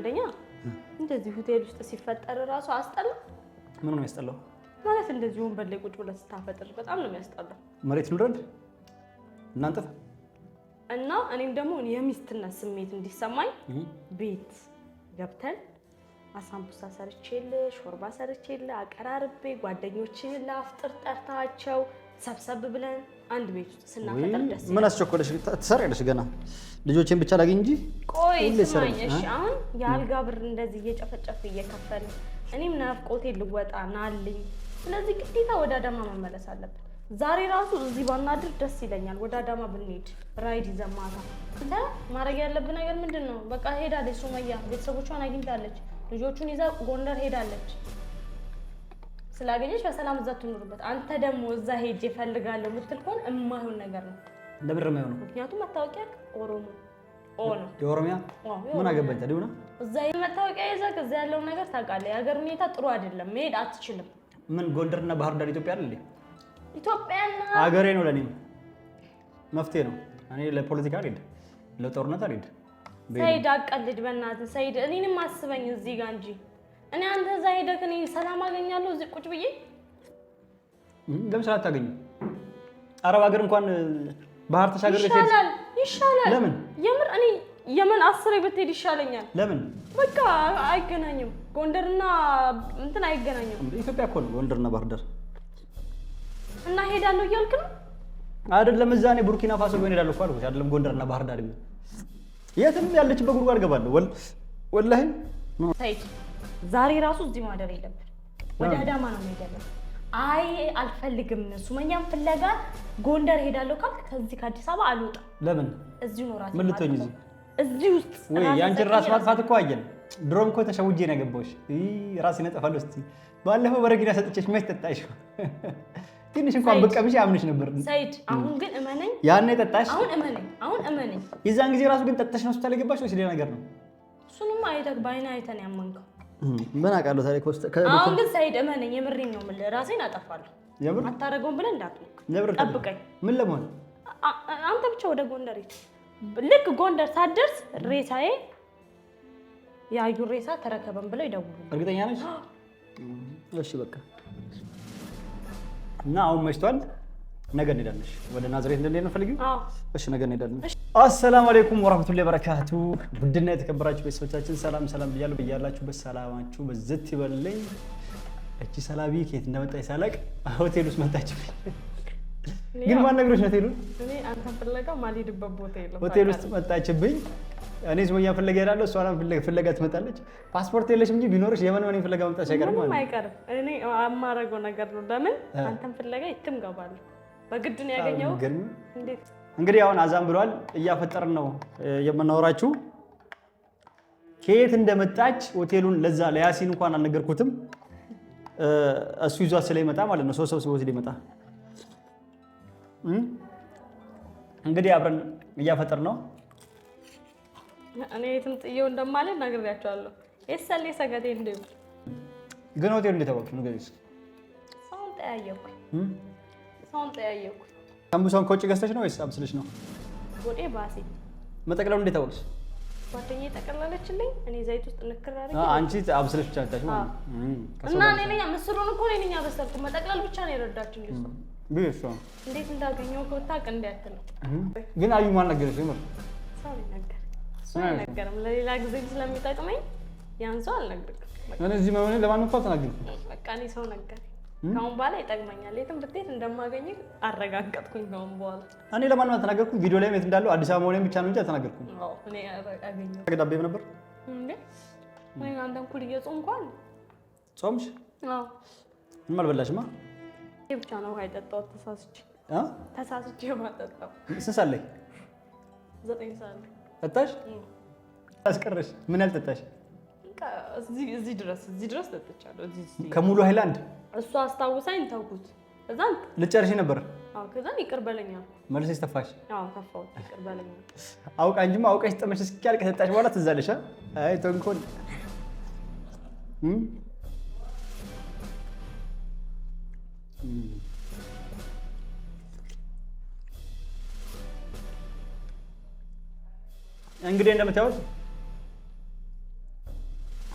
አንደኛ እንደዚህ ሆቴል ውስጥ ሲፈጠር እራሱ አስጠላ። ምን ነው ያስጠላው? ማለት እንደዚህ ወንበር ላይ ቁጭ ብለህ ስታፈጥር በጣም ነው የሚያስጠላው። መሬት ንረድ እናንጥፍ እና እኔም ደግሞ የሚስትነት ስሜት እንዲሰማኝ ቤት ገብተን አሳምቡሳ ሰርቼልህ፣ ሾርባ ሰርቼልህ፣ አቀራርቤ ጓደኞችህን ለአፍጥር ጠርታቸው ሰብሰብ ብለን አንድ ቤት ውስጥ ደስ ይላል። ምን አስቸኮለሽ? ትሰሪያለሽ ገና ልጆችን ብቻ ላግኝ እንጂ። ቆይ ስማኝ እሺ፣ አሁን የአልጋ ብር እንደዚህ እየጨፈጨፍ እየከፈል እኔም ናፍቆቴ ልወጣ ናልኝ። ስለዚህ ግዴታ ወደ አዳማ መመለስ አለብን። ዛሬ ራሱ እዚህ ባናድር ደስ ይለኛል። ወደ አዳማ ብንሄድ ራይድ ይዘን ማታ ማድረግ ያለብን ነገር ምንድን ነው? በቃ ሄዳለች ሱመያ፣ ቤተሰቦቿን አግኝታለች። ልጆቹን ይዛ ጎንደር ሄዳለች። ስላገኘች በሰላም እዛ ትኖርበት። አንተ ደግሞ እዛ ሄጅ እፈልጋለሁ የምትል ከሆነ የማይሆን ነገር ነው። ለብር ለምንድን ነው ምክንያቱም መታወቂያ ኦሮሞ የኦሮሚያ ምን አገባኝ ታዲያ ነው። እዛ መታወቂያ ይዘህ እዛ ያለውን ነገር ታውቃለህ። የሀገር ሁኔታ ጥሩ አይደለም፣ መሄድ አትችልም። ምን ጎንደርና ባህር ዳር ኢትዮጵያ አይደል? ኢትዮጵያና ሀገሬ ነው። ለኔ መፍትሄ ነው። እኔ ለፖለቲካ አልሄድም፣ ለጦርነት አልሄድም። ሰይድ አቀልድ፣ በእናትህ ሰይድ፣ እኔንም አስበኝ እዚህ ጋር እንጂ እኔ አንተ እዛ ሄደህ እኔ ሰላም አገኛለሁ እዚህ ቁጭ ብዬ ለምን ሰላም አታገኙ? አረብ ሀገር እንኳን ባህር ተሻገር ይሻላል ይሻላል። ለምን የምር እኔ የምን አስሬ ብትሄድ ይሻለኛል። ለምን በቃ አይገናኝም። ጎንደርና እንትን አይገናኝም። ኢትዮጵያ እኮ ነው ጎንደርና ባህር ዳር እና ሄዳለሁ እያልክ ነው አይደለም? እዛ እኔ ቡርኪና ፋሶ ቢሆን ሄዳለሁ እኮ አልኩት። አይደለም ጎንደርና ባህር ዳር የትም ያለችበት ጉድጓድ ገባለሁ ወላሂ ዛሬ ራሱ እዚህ ማደር የለብን። ወደ አዳማ ነው መሄድ አይ አልፈልግም። ሱመኛም ፍለጋ ጎንደር ሄዳለሁ ካልክ ከዚህ ከአዲስ አበባ አልወጣም። ለምን እዚሁ ነው ራሴ። ምን ልትሆኝ እዚህ እዚህ ውስጥ ወይ ያንቺን ራስ ማጥፋት እኮ አየን። ድሮም እኮ ተሸውጄ ነው ያገባሁሽ። ራሴን አጠፋለሁ ስትይ ባለፈው በረኪና ሰጥቼሽ መች ጠጣሽ? ትንሽ እንኳን ብቀምሽ አምንሽ ነበር። ሰይድ አሁን ግን እመነኝ፣ ያኔ ጠጣሽ፣ አሁን እመነኝ፣ አሁን እመነኝ። የዛን ጊዜ ራሱ ግን ጠጣሽ ነው ሆስፒታል የገባሽ ወይስ ሌላ ነገር ነው? እሱንም አይተህ በዓይንህ አይተህ ያመንከው። ምን አውቃለሁ ታሪክ ውስጥ አሁን ግን ሳይድ እመነኝ፣ የምሬን ነው የምልህ። ራሴን አጠፋለሁ። የምር አታደርገውም ብለህ እንዳትሞክር። የምር ጠብቀኝ። ምን ለመሆን አንተ ብቻ ወደ ጎንደር ሂድ። ልክ ጎንደር ሳትደርስ ሬሳዬ የአዩን ሬሳ ተረከበን ብለው ይደውሉ። እርግጠኛ ነች? እሺ በቃ እና አሁን መሽቷል። ነገ እንሄዳለሽ ወደ ናዝሬት እንደሌለ ፈልጊ። እሺ ነገ እንሄዳለን። አሰላሙ አለይኩም ወራህመቱላሂ በረካቱ ውድና የተከበራችሁ ቤተሰቦቻችን ሰላም ሰላም ብያለሁ። ብያላችሁበት ሰላማችሁ በዝት ይበልልኝ። እቺ ሰላቢ ከየት እንደመጣች ሳላቅ ሆቴል ውስጥ መጣች። ግን ማን ነገሮች ነው ሆቴሉን ሆቴል ውስጥ መጣችብኝ። እኔ ሱመያን ፍለጋ እሄዳለሁ፣ እሷ ፍለጋ ትመጣለች። ፓስፖርት የለሽም እንጂ ቢኖርሽ የመን መኔን ፍለጋ መምጣትሽ አይቀርም። ምንም አይቀርም። እኔ የማደርገው ነገር ነው። ለምን አንተን ፍለጋ የትም ገባለሁ። በግድ ነው ያገኘሁት። እንዴት እንግዲህ አሁን አዛን ብሏል እያፈጠርን ነው የምናወራችሁ። ከየት እንደመጣች ሆቴሉን ለዛ ለያሲን እንኳን አልነገርኩትም። እሱ ይዟት ስለይመጣ ማለት ነው ሰው ሰብስቦ ስለይመጣ እንግዲህ አብረን እያፈጠር ነው። እኔ የትም ጥየው እንደማለ ነግሬያቸዋለሁ። የሰሌ ሰገቴ እንደ ግን ሆቴሉ እንደተባልኩ ንገሪው። ሰውን ጠያየኩ ሰውን ጠያየኩ ሳምቡሳውን ከውጭ ገዝተሽ ነው ወይስ አብስለሽ ነው? ወዴ ባሴ መጠቅለሉ እንዴት ታወቅሽ? ጓደኛዬ ጠቀለለችልኝ። እኔ ዘይት ውስጥ ንክር አድርጌ አንቺ አብስለሽ ብቻ ታሽ ማለት እና እኔ ነኝ ምስሩን እኮ እኔ ነኝ አበሰልኩ። መጠቅለል ብቻ ነው የረዳችኝ ልጅ ቢሱ እንዴት እንዳገኘው ኮታ ቀንድ ነው። ግን አዩ ማን ነገረሽ? ምር ሰው ነገር እሱ ነገርም ለሌላ ጊዜ ስለሚጠቅመኝ ያን ሰው አልነግርም። እኔ እዚህ መሆኔ ለማንም እኮ አልተናገርኩም። በቃ እኔ ሰው ነገር ከአሁን በኋላ ይጠቅመኛል። የትም ብትሄድ እንደማገኝ አረጋገጥኩኝ። ከአሁን በኋላ እኔ ለማንም አልተናገርኩም። ቪዲዮ ላይ የት እንዳለው አዲስ አበባ መሆኔን ብቻ ነው እንጂ አልተናገርኩም። አገዳቤም ነበር አንተ እኩል እየጾም እንኳን ጾምሽ? ምንም አልበላሽማ። ብቻ ነው ውሃ የጠጣሁት ተሳስቼ ተሳስቼ የማጠጣው። ስንት ሰዓት ላይ? ዘጠኝ ሰዓት ላይ ጠጣሽ? አስቀረሽ? ምን ያልጠጣሽ? እዚህ ድረስ እዚህ ድረስ ጠጥቻለሁ። ከሙሉ ሃይላንድ እሱ አስታውሳኝ ተውኩት። ከዛም ልጨርሽ ነበር። አዎ ከዛም ይቅር በለኝ አልኩት። መልሰሽ ተፋሽ? አዎ ተፋሁት። ይቅር በለኝ አውቃ እንጂማ አውቀሽ ጥመሽ እስኪያልቅ ሰጣሽ በኋላ ትዝ አይ ተንኮል እንግዲህ እንደምታዩት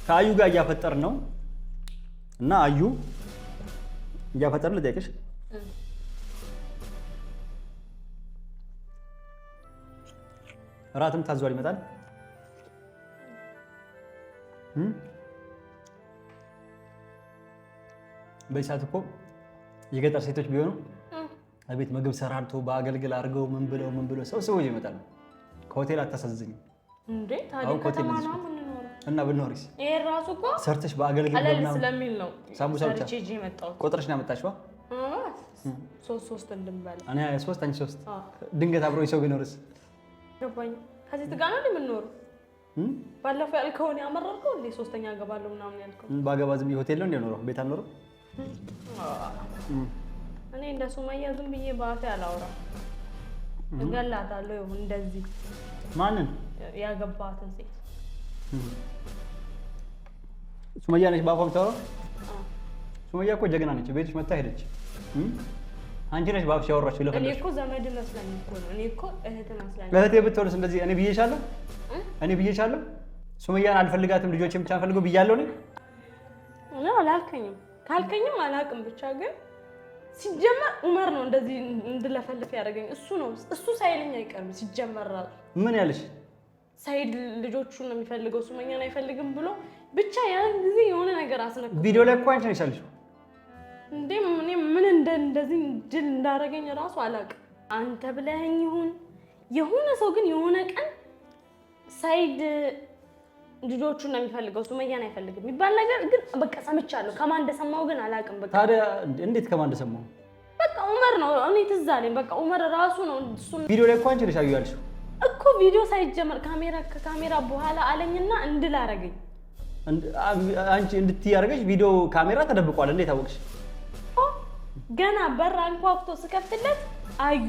ከአዩ ጋር እያፈጠር ነው እና አዩ እንጃፈጠር ልጠይቅሽ? እራትም ታዟል ይመጣል። በዚህ ሰዓት እኮ የገጠር ሴቶች ቢሆኑ ቤት ምግብ ሰራርቶ በአገልግል አድርገው ምን ብለው ምን ብለው ሰው ሰው ይመጣል። ከሆቴል አታሳዝኝ እንዴ ታዲያ እና ብንኖሪስ ይሄ ራሱ እኮ ሰርተሽ በአገልግል ስለሚል ነው። ሳምቡሳ ብቻ ቆጥረሽ ነው ያመጣሽው። ሶስት ሶስት እንድንበላ እኔ ሶስት አንቺ ሶስት። ድንገት አብሮ ሰው ቢኖርስ? ገባኝ። ከዚህ ጋር ነው የምንኖረው። ባለፈው ያልከውን ያመረርከው እንዴ? ሶስተኛ ገባለሁ ምናምን ያልከው ባገባ ዝም ሆቴል ነው እንደ ቤት አልኖረው። እኔ እንደ ሱማያ ዝም ብዬ በአፌ አላውራ እገላታለሁ። ይሁን እንደዚህ ማንን ያገባትን ሴት ሱመያ ነች በአፏ የምታወራው። ሱመያ እኮ ጀግና ነች። ቤትሽ መታ ሄደች። አንቺ ነሽ በአፍሽ ያወራችው። ለፈለግሽ እኔ እኮ ዘመድ መስላኝ እኮ ነው። እኔ እኮ እህት መስላኝ። እህቴ ብትሆንስ እንደዚህ እኔ ብዬሻለሁ፣ እኔ ብዬሻለሁ። ሱመያን አልፈልጋትም፣ ልጆቼን ብቻ ፈልገው ብያለሁ። እኔ እኔ አላልከኝም። ካልከኝም አላውቅም። ብቻ ግን ሲጀመር ዑመር ነው እንደዚህ እንድለፈልፍ ያደረገኝ እሱ ነው። እሱ ሳይልኝ አይቀርም ሲጀመር። ምን ያለሽ ሳይድ ልጆቹን ነው የሚፈልገው ሱመኛን አይፈልግም ብሎ ብቻ ያን ጊዜ የሆነ ነገር አስነካ። ቪዲዮ ላይ እኮ አንቺ ነው ያለሽው። እንዴ እኔ ምን እንደ እንደዚህ ድል እንዳደረገኝ ራሱ አላውቅም። አንተ ብለኸኝ ይሁን የሆነ ሰው ግን የሆነ ቀን ሳይድ ልጆቹን ነው የሚፈልገው ሱመያን አይፈልግም የሚባል ነገር ግን በቃ ሰምቻለሁ። ከማን እንደሰማው ግን አላውቅም። በቃ ታዲያ እንዴት ከማን እንደሰማው? በቃ ዑመር ነው እኔ ትዝ አለኝ። በቃ ዑመር ራሱ ነው እሱ ቪዲዮ ላይ እኮ አንቺ ነሽ ያዩ ያልሽው እኮ ቪዲዮ ሳይጀመር ካሜራ ከካሜራ በኋላ አለኝና እንድል አረገኝ። አንቺ እንድትይ አረገች። ቪዲዮ ካሜራ ተደብቋል እንዴ? ታወቅሽ? ገና በር አንኳኩቶ ስከፍትለት አዩ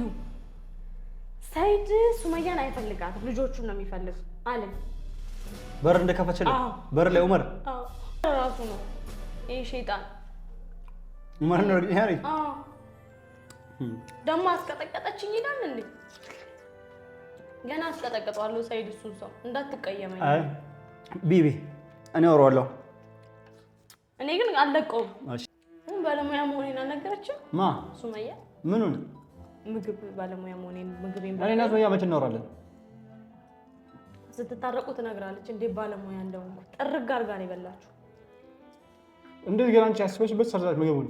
ሰይድ ሱመያን አይፈልጋት ልጆቹን ነው የሚፈልግ አለ። በር እንደከፈችል በር ላይ ዑመር ራሱ ነው ይህ ሸይጣን ዑመር ነው። እርግጠኛ ነኝ ደግሞ አስቀጠቀጠችኝ ይላል እንዴ ገና አስቀጠቅጠዋለሁ። ሳይድ እሱን ሰው እንዳትቀየመኝ። ቢቢ እኔ ወረዋለሁ። እኔ ግን አልለቀውም። አሁን ባለሙያ መሆኔን አልነገረችም። ማ ሱመያ? ምኑን? ምግብ ባለሙያ መሆኔን ምግብ እኔ ሱመያ መቼ እናወራለን? ስትታረቁ ትነግራለች። እንዴ ባለሙያ እንደሆንኩ ጥርግ አድርጋ ነው የበላችሁ። እንዴት ገና አንቺ ያስበሽበት ሰርታችሁ ምግቡን።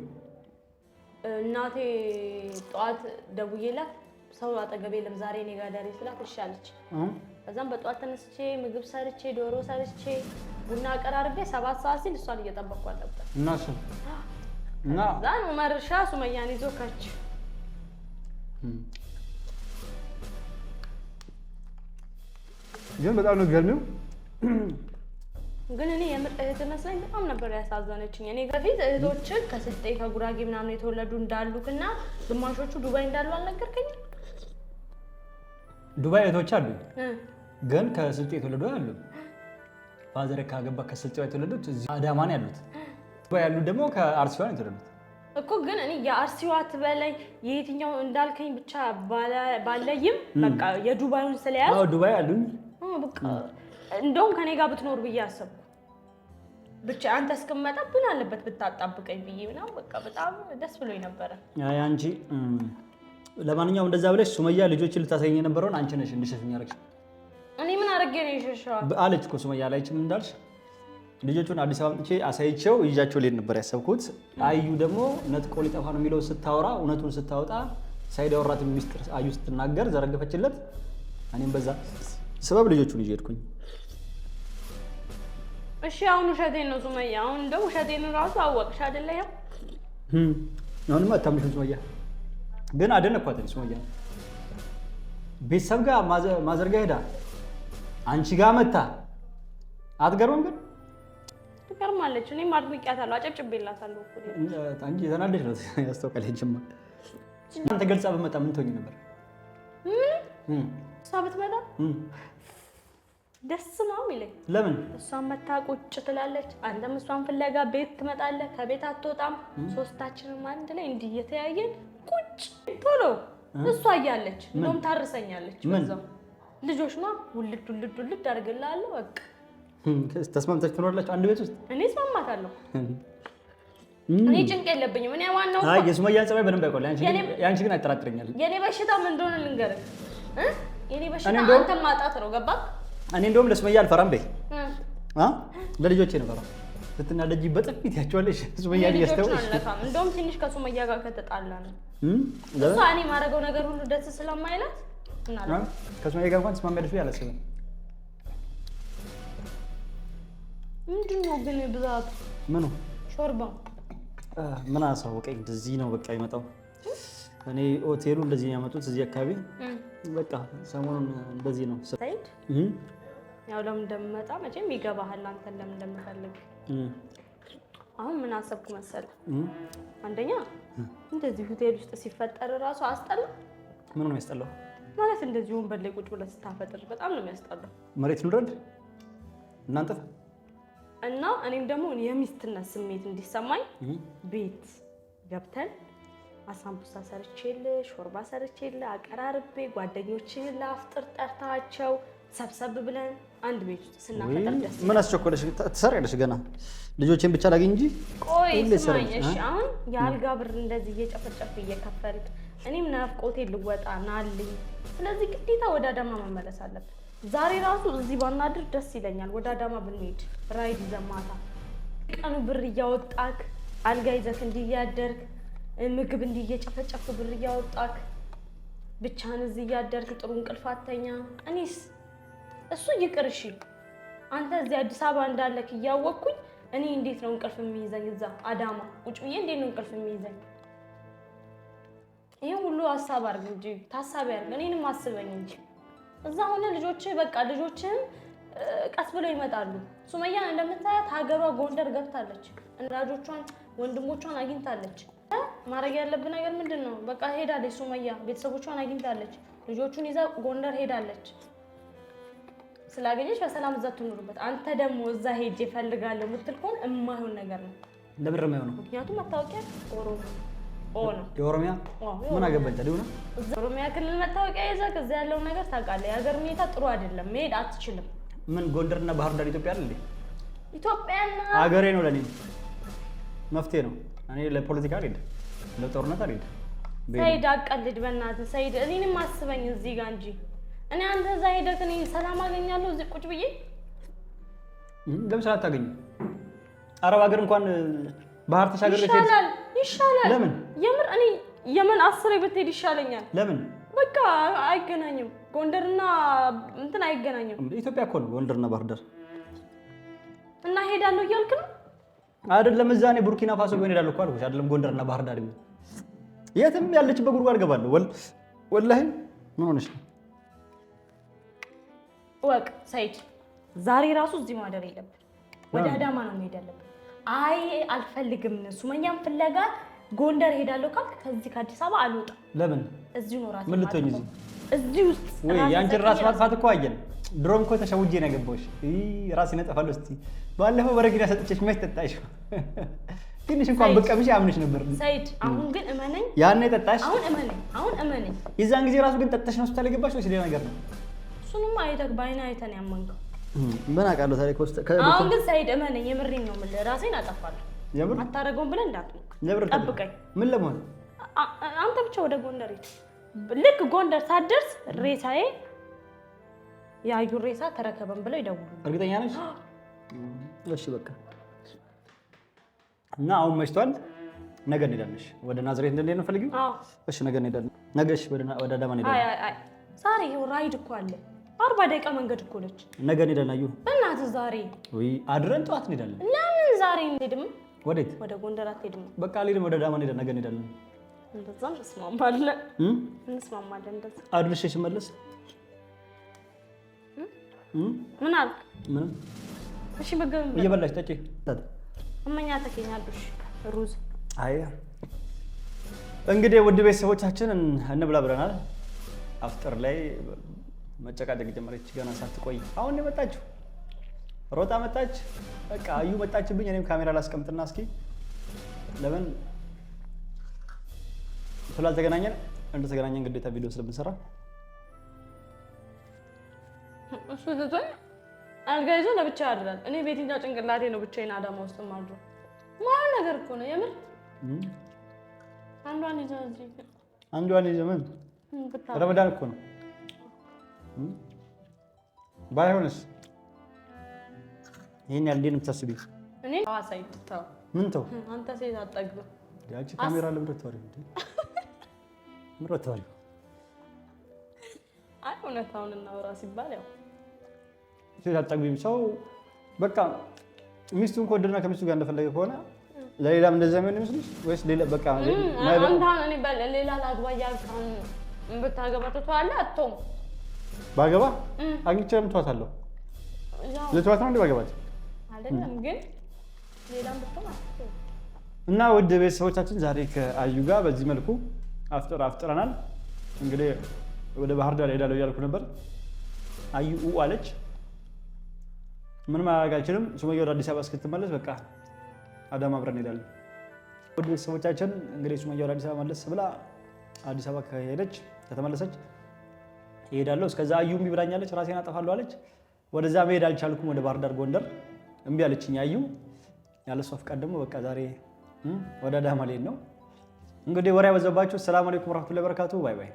እናቴ ጠዋት ደውዬላት ሰው አጠገቤ የለም። ዛሬ እኔ ጋር ዳሪ ስላት እሺ አለች። ከዛም በጠዋት ተነስቼ ምግብ ሰርቼ ዶሮ ሰርቼ ቡና አቀራርቤ ሰባት ሰዓት ሲል እሷን እየጠበቅኩ አለበት እና እሱ እና ዛን ሻ ሱመያን ይዞ ከች ግን በጣም ነው ገርሚው። ግን እኔ የምር እህት መስለኝ በጣም ነበር ያሳዘነችኝ። እኔ ከፊት እህቶችን ከስልጤ ከጉራጌ ምናምን የተወለዱ እንዳሉክና ግማሾቹ ዱባይ እንዳሉ አልነገርከኝም? ዱባይ እህቶች አሉ፣ ግን ከስልጤ የተወለዱ አሉ። ፋዘር ካገባ ከስልጤ የተወለዱት እዚህ አዳማ ያሉት። ዱባይ ያሉ ደግሞ ከአርሲዋን ነው የተወለዱት እኮ። ግን እኔ የአርሲዋ ትበላይ የየትኛው እንዳልከኝ ብቻ ባለይም በቃ የዱባዩን ስለያዝ ዱባይ አሉኝ። እንደውም ከኔ ጋር ብትኖር ብዬ አሰብኩ። ብቻ አንተ እስክመጣ ብን አለበት ብታጣብቀኝ ብዬ ምናምን በቃ በጣም ደስ ብሎኝ ነበረ አንቺ ለማንኛውም እንደዛ ብለሽ ሱመያ ልጆችን ልታሳየኝ የነበረውን አንቺ ነሽ እንድሸሽኝ ያደረግሽ። እኔ ምን አድርጌ ነው የሸሸዋል አለች እኮ ሱመያ አላየችም እንዳልሽ። ልጆቹን አዲስ አበባ አምጥቼ አሳይቼው ይዣቸው ሊሄድ ነበር ያሰብኩት። አዩ ደግሞ ነጥቆ ሊጠፋ ነው የሚለው ስታወራ፣ እውነቱን ስታወጣ፣ ሳይድ ያወራት ሚስጥር አዩ ስትናገር ዘረገፈችለት። እኔም በዛ ሰበብ ልጆቹን ይዤ ሄድኩኝ። እሺ አሁን ውሸቴን ነው ሱመያ። አሁን እንደው ውሸቴን ራሱ አወቅሽ አይደለ? አሁንማ አታምሽም ሱመያ ግን አደነኳት። ሱመያ ቤተሰብ ጋር ማዘርጋ ሄዳ አንቺ ጋር መታ አትገርምም? ግን ትገርማለች። እኔም አጨብጭቤላታለሁ። ነው ገልጻ በመጣ ምን ነበር? እሷ ብትመጣ ደስ ነው የሚለኝ። ለምን እሷን መታ ቁጭ ትላለች፣ አንተም እሷን ፍለጋ ቤት ትመጣለህ፣ ከቤት አትወጣም። ሶስታችንም አንድ ላይ እንዲህ እየተያየን ቁጭ ቶሎ እሷ እያለች እንደውም ታርሰኛለች። በዛው ልጆች ማ ውልድ ውልድ ውልድ አድርግልሃለሁ። በቃ ተስማምታችሁ ትኖራላችሁ አንድ ቤት ውስጥ? እኔ እስማማታለሁ። እኔ ጭንቅ የለብኝም። እኔ ዋናው አይ የሱመያን ጸባይ በደንብ ያውቃል። ያንቺ ግን ያጠራጥረኛል። የኔ በሽታ ምን እንደሆነ ልንገርህ እ የኔ በሽታ አንተን ማጣት ነው። ገባህ? እኔ እንደውም ለሱመያ አልፈራም በይ እ ለልጆቼ ነው ፈራ ስትናደጂ በጥፊ ትያቸዋለሽ። ሱመያ እያስተውልሽ እንደውም ትንሽ ከሱመያ ጋር ከተጣላ ነው እሷ እኔ የማደርገው ነገር ሁሉ ደስ ስለማይላት ከሱመያ ጋር እንኳን ተስማሚያለሽ ብዬ አላስብም። ምንድን ነው ግን ብዛቱ ምኑ ሾርባ ምን አሳወቀኝ። እዚህ ነው በቃ ይመጣው እኔ ሆቴሉ እንደዚህ ነው ያመጡት እዚህ አካባቢ በቃ ሰሞኑን እንደዚህ ነው። ያው ለምን እንደምመጣ መቼም ይገባሃል አንተን ለምን እንደምፈልግ አሁን ምን አሰብኩ መሰለ አንደኛ እንደዚህ ሆቴል ውስጥ ሲፈጠር እራሱ አስጠላ። ምን ነው ያስጠላው? ማለት እንደዚህ ወንበር ላይ ቁጭ ብለህ ስታፈጥር በጣም ነው የሚያስጠላው። መሬት ልውረድ እናንጥፍ እና እኔም ደግሞ የሚስትነት ስሜት እንዲሰማኝ ቤት ገብተን አሳምቡሳ ሰርቼልህ፣ ሾርባ ሰርቼልህ፣ አቀራርቤ ጓደኞችህን ለአፍጥር ጠርታቸው ሰብሰብ ብለን አንድ ቤት ውስጥ ስናፈጥር ምን አስቸኮለሽ? ትሰሪያለሽ ገና ልጆችን ብቻ ላግኝ እንጂ። ቆይ ስማኝ እሺ። አሁን የአልጋ ብር እንደዚህ እየጨፈጨፍ እየከፈልክ እኔም ናፍቆቴ ልወጣ ናልኝ። ስለዚህ ግዴታ ወደ አዳማ መመለስ አለብን። ዛሬ ራሱ እዚህ ባናድር ደስ ይለኛል። ወደ አዳማ ብንሄድ ራይድ ዘማታ ቀኑ ብር እያወጣክ አልጋ ይዘክ እንዲያደርግ ምግብ እንዲህ እየጨፈጨፍክ ብር እያወጣክ ብቻን እዚህ እያደርግ ጥሩ እንቅልፍ አተኛ እኔስ እሱ ይቅር አንተ እዚህ አዲስ አበባ እንዳለክ እያወቅኩኝ እኔ እንዴት ነው እንቅልፍ የሚይዘኝ? እዛ አዳማ ቁጭ ብዬ እንዴት ነው እንቅልፍ የሚይዘኝ? ይህ ሁሉ ሀሳብ አድርግ እንጂ ታሳቢ አድርግ፣ እኔንም አስበኝ እንጂ እዛ ሆነ ልጆች በቃ ልጆችህም ቀስ ብለው ይመጣሉ። ሱመያ እንደምታያት ሀገሯ ጎንደር ገብታለች፣ እንዳጆቿን ወንድሞቿን አግኝታለች። ማድረግ ያለብን ነገር ምንድን ነው? በቃ ሄዳለች ሱመያ፣ ቤተሰቦቿን አግኝታለች፣ ልጆቹን ይዛ ጎንደር ሄዳለች። ስላገኘሽ በሰላም እዛ ትኖርበት። አንተ ደግሞ እዛ ሄጅ እፈልጋለሁ የምትል ከሆነ የማይሆን ነገር ነው። ለምድር የማይሆነው ምክንያቱም መታወቂያ ኦሮሞ የኦሮሚያ ምን አገባኝ ሊሆነ ኦሮሚያ ክልል መታወቂያ ይዘህ እዚያ ያለውን ነገር ታውቃለህ። የሀገር ሁኔታ ጥሩ አይደለም፣ መሄድ አትችልም። ምን ጎንደርና ባህር ዳር ኢትዮጵያ አይደል? እንዴ? ኢትዮጵያና ሀገሬ ነው። ለኔ መፍትሄ ነው። እኔ ለፖለቲካ አልሄድም፣ ለጦርነት አልሄድም። ሰይድ አቀልድ፣ በእናትህ ሰይድ፣ እኔንም አስበኝ እዚህ ጋር እንጂ እኔ አንተ እዛ ሄደህ እኔ ሰላም አገኛለሁ እዚህ ቁጭ ብዬ ለምን ሰላም አታገኝም? አረብ ሀገር እንኳን ባህር ተሻገር ይሻላል ይሻላል። ለምን የምር እኔ የምን አስሬ ብትሄድ ይሻለኛል። ለምን በቃ አይገናኝም። ጎንደርና እንትን አይገናኝም። ኢትዮጵያ እኮ ነው ጎንደርና ባህር ዳር እና ሄዳለሁ እያልክ ነው አይደለም? እዛ እኔ ቡርኪና ፋሶ ቢሆን ሄዳለሁ እኮ አልኩሽ። አይደለም ጎንደርና ባህር ዳር የትም ያለች ጉድጓድ እገባለሁ። ወላሂ ምን ሆነሽ ነው? እወቅ ሰይድ፣ ዛሬ ራሱ እዚህ ማደር የለብን። ወደ አዳማ ነው መሄድ ያለብን። አይ አልፈልግም፣ ሱመኛም ፍለጋ ጎንደር ሄዳለሁ ካልክ ከዚህ ከአዲስ አበባ አልወጣም። ለምን እዚሁ ነው ራስ ምን ልትሆኝ እዚህ እዚህ ውስጥ ወይ ያንቺን ራስ ማጥፋት እኮ አየን። ድሮም እኮ ተሸውጄ ነው ያገባሁሽ። ራስ ይነጠፋል። እስቲ ባለፈው በረግዳ ሰጥቼሽ መች ጠጣሽ? ትንሽ እንኳን ብቀምሽ አምንሽ ነበር ሰይድ። አሁን ግን እመነኝ፣ ያኔ ጠጣሽ። አሁን እመነኝ፣ አሁን እመነኝ። የዛን ጊዜ ራሱ ግን ጠጣሽ ነው ሆስፒታል የገባሽ ወይስ ሌላ ነገር ነው? እሱንም አይተህ በአይን አይተህ ነው ያመንከው። ምን አውቃለሁ ታሪክ ውስጥ አሁን ግን ሳይድ እመነኝ፣ የምሬን ነው የምልህ። ራሴን አጠፋለሁ። የምር አታደርገውም ብለህ እንዳትሞክር፣ ጠብቀኝ። ምን ለመሆን አንተ ብቻ ወደ ጎንደር ሂድ። ልክ ጎንደር ሳትደርስ ሬሳዬ ያዩ ሬሳ ተረከበን ብለው ይደውሉ። እርግጠኛ ነች? እሺ በቃ እና አሁን መሽቷል። ነገ እንሄዳለሽ ወደ ናዝሬት እንደሌለ ፈልጊው። እሺ ነገ እንሄዳለን። ነገሽ ወደ አዳማ እንሄዳለን። ዛሬ ይኸው ራይድ እኮ አለ አርባ ደቂቃ መንገድ እኮ ነች። ነገ እንሄዳለን። አየሁ በእናትህ ዛሬ ወይ አድረን ጠዋት እንሄዳለን። ለምን ዛሬ እንሄድም? ወዴት? ወደ ጎንደር አትሄድም? በቃ አልሄድም። ወደ ዳማ እንሄዳለን። ነገ እንሄዳለን። እንደዛ እንስማማለን። እንስማማለን። እንደዛ አድርሼ ስመለስ ምን አልክ? ምንም። እሺ ምግብ እየበላሽ ጠጪ። እመኛ ተገኛለሽ ሩዝ። አይ እንግዲህ ውድ ቤተሰቦቻችን እንብላ ብለናል አፍጥር ላይ መጨቃጨቅ ጀመረች። ገና ሳትቆይ አሁን የመጣችሁ ሮጣ መጣች። በቃ እዩ መጣችብኝ። እኔም ካሜራ ላስቀምጥና እስኪ ለምን ስላልተገናኘን እንደተገናኘን ግዴታ ቪዲዮ ስለምንሰራ እሱ ትቶኝ አልጋ ይዞ ለብቻ ያድራል። እኔ ቤትኛው ጭንቅላቴ ነው ብቻዬን አዳማ ውስጥ ማድሮ ማን ነገር እኮ ነው የምር። አንዷን ይዘ አንዷን ይዘ ምን ረመዳን እኮ ነው ባይሆንስ ይሄን ያህል እንዴት ነው የምታስቢው? እኔ ሐዋሳ ይጥታው ምን ተው አይ እውነታውን እናውራ ሲባል ያው ሴት አጠግቢም ሰው በቃ ሚስቱን ከወደድና ከሚስቱ ጋር እንደፈለገ ከሆነ ለሌላም እንደዚያ ምን ይመስልሽ? ወይስ ሌላ በቃ ሌላ ላግባ እያልክ ብታገባ ትተዋለህ አትተውም ባገባ አግኝቼ ለምን ተዋታለሁ? ለተዋት ነው እንዴ ባገባት አይደለም ግን ሌላም እና ውድ ቤተሰቦቻችን ዛሬ ከአዩ ጋር በዚህ መልኩ አፍጥር አፍጥረናል። እንግዲህ ወደ ባህር ዳር ሄዳለሁ እያልኩ ነበር። አዩ አለች። ምንም ማድረግ አልችልም። ሱመያ ወደ አዲስ አበባ እስክትመለስ በቃ አዳማ አብረን ሄዳለን። ወደ ቤተሰቦቻችን እንግዲህ ሱመያ ወደ አዲስ አበባ መለስ ብላ አዲስ አበባ ከሄደች ከተመለሰች እሄዳለሁ። እስከዛ አዩም ይብላኛለች፣ ራሴን አጠፋለሁ አለች። ወደዛ መሄድ አልቻልኩም። ወደ ባህር ዳር ጎንደር እምቢ አለችኝ አዩ። ያለሷ ፍቃድ ደግሞ በቃ ዛሬ ወደ አዳማ ልሄድ ነው። እንግዲህ ወሬ ያበዛባችሁ። ሰላም አለይኩም ረህመቱላሂ ወበረካቱ። ባይ ባይ